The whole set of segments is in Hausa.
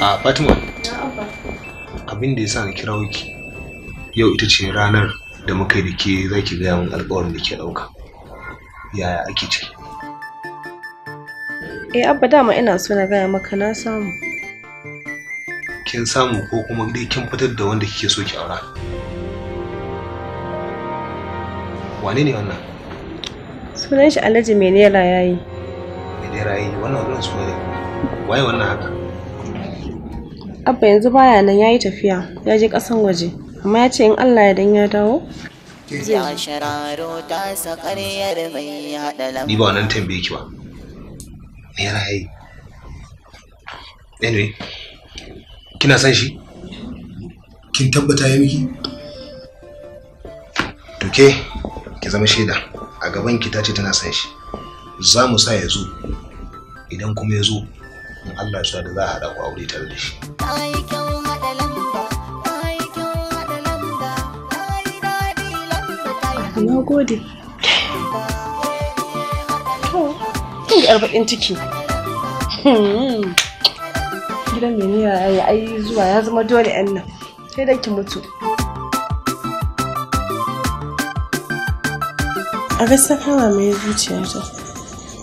a fatima abin da ya sa na kira ki yau ita ce ranar da muka yi da ke za ki gaya min alkawarin da ke ɗauka yaya ake ciki eh abba dama ina so na gaya maka na samu kin samu ko kuma dai kin fitar da wanda kike so ki aura wane ne wannan sunan shi alhaji menera yayi menera yayi wannan wannan sunan waye wannan haka Abba yanzu baya nan yayi tafiya ya je ƙasan waje amma ya ce in Allah ya dan ya dawo Ni ba nan tambaye ki ba. Me ya raye? Anyway, kina son shi? Kin tabbata ya miki? To ke, ki zama shaida. A gaban ki ta ce tana son shi. Za mu sa ya zo. Idan kuma ya zo, in Allah ya da za a haɗa aure tare da shi. Na gode. kin ga baƙin ciki. Hmm. Gidan mai ya ai zuwa ya zama dole yan nan. Sai dai ki mutu. A gaskiya mai zuciyata.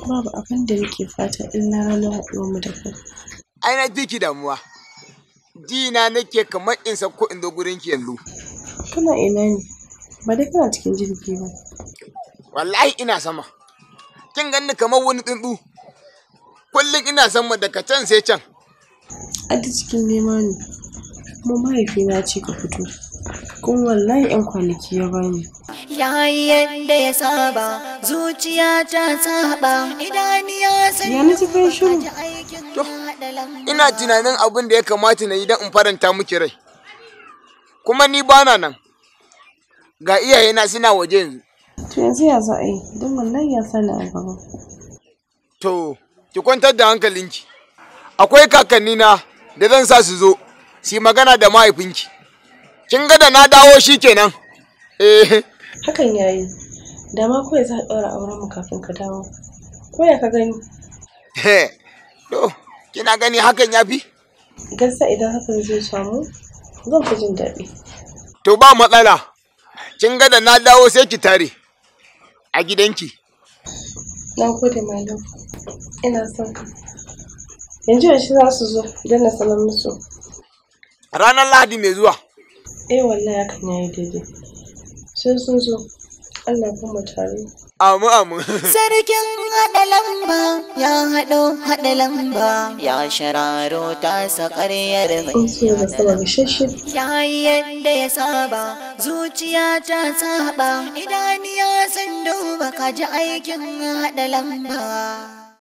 babu abin da nake fata na ranar haɗuwar mu da kai ai na ji ki damuwa dina nake kamar in sauko in zo gurin ki yanzu kana ina ne ba dai kana cikin jirgi ba wallahi ina sama kin ganni kamar wani tsuntsu kullum ina sama daga can sai can a cikin nema ne kuma mahaifina ce ka fito kun wallahi 'yan kwanaki ya bani yayin da ya saba zuciya ta saba idaniya ya miji kai ina tunanin abin da ya kamata na yi don in faranta miki rai kuma ni bana nan ga iyayena suna waje yanzu to yanzu ya za a yi don wallahi ya sani a gaba to ki kwantar da hankalinki akwai kakanni na da zan sa su zo su magana da mahaifinki kin ga da na dawo shikenan eh hakan yayi da ma kawai za a ɗaura auren mu kafin ka dawo ko ya ka gani he to kina gani hakan ya fi gaskiya idan hakan zai samu zan fi jin daɗi to ba matsala kin ga da na dawo sai ki tare a gidanki na gode malam ina son ka yanzu yaushe za su zo idan na sanar musu ranar lahadi mai zuwa eh wallahi hakan ya yi daidai sai sun zo Allah Amu amu. Sarkin haɗa lamba ya haɗo haɗa lamba ya shararo ta sakaryar Ya yi yadda ya saba zuciya ta saba idan ya san duba ka ji aikin haɗa lamba.